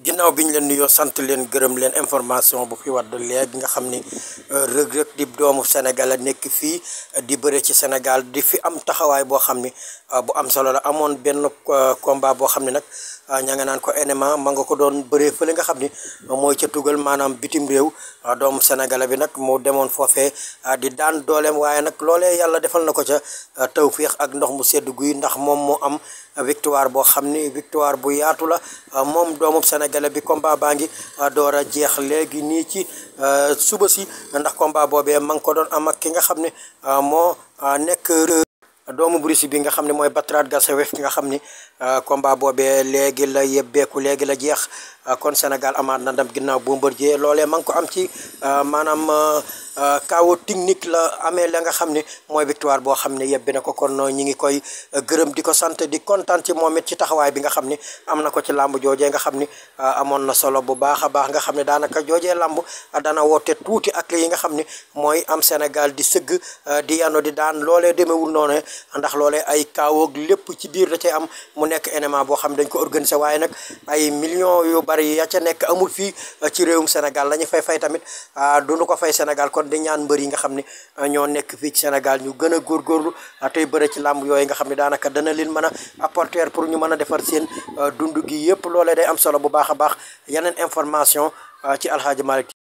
ginnaaw bi ñu leen yoo sant leen gërëm leen information bu fi wadd léegi nga xam ni euh, Reug Reug di doomu Sénégal a nekk fii di bëre ci Sénégal di fi am taxawaay boo xam ni euh, bu am solo la amoon benn euh, combat boo xam ne nag ña nga naan ko NMA ma nga ko doon bëree fële nga xam ni mooy ca tugal maanaam bitim réew doomu Sénégal bi nag moo demoon foofee di daan dooleem waaye nag loole yàlla defal na ko ca tawféex ak ndox mu sedd guy ndax moom moo am victoire boo xam ni victoire bu yaatu la moom doomu Sénégal waajale bi combat baa ngi ah, door a jeex léegi nii ci ah, suba si ndax combat boobee ma ngi ko doon am ak ki nga xam ne ah, moo nekk doomu Bruce bi nga xam ne mooy Batrat Gassawef ki nga xam ni combat boobee léegi la yebbeeku léegi la jeex kon Sénégal amaat na ndam ginnaaw Bombardier loolee ma ngi ko am ci maanaam Euh, kawo technique la amee la nga xam ne mooy victoire boo xam ne yebbi na ko kon ñi ngi koy euh, gërëm di ko sant di kontaan ci moom it ci taxawaay bi nga xam ne am na ko ci làmb joojee nga xam ni euh, amoon na solo bu baax a baax nga xam ne daanaka joojee làmb dana woote tuuti ak li nga xam ni mooy am Sénégal di sëgg di yano di daan loolee demewul noonu ndax loolee ay kaawoog lépp ci biir da cay am mu nekk élément boo xam ne dañ ko organiser waaye nag ay millions yu bari ya ca nekk amul fii ci réewum Sénégal la fay fay tamit du ko fay Sénégal kon di ñaan mbër yi nga xam ne euh, ñoo nekk fii ci Sénégal ñu gën góor góorlu euh, tey bëri ci làmb yooyu nga xam ne daanaka dana leen mën a apporter pour ñu mën a defar seen euh, dund gi yëpp loole day am solo bu baax a baax yeneen information ci Aladji Malick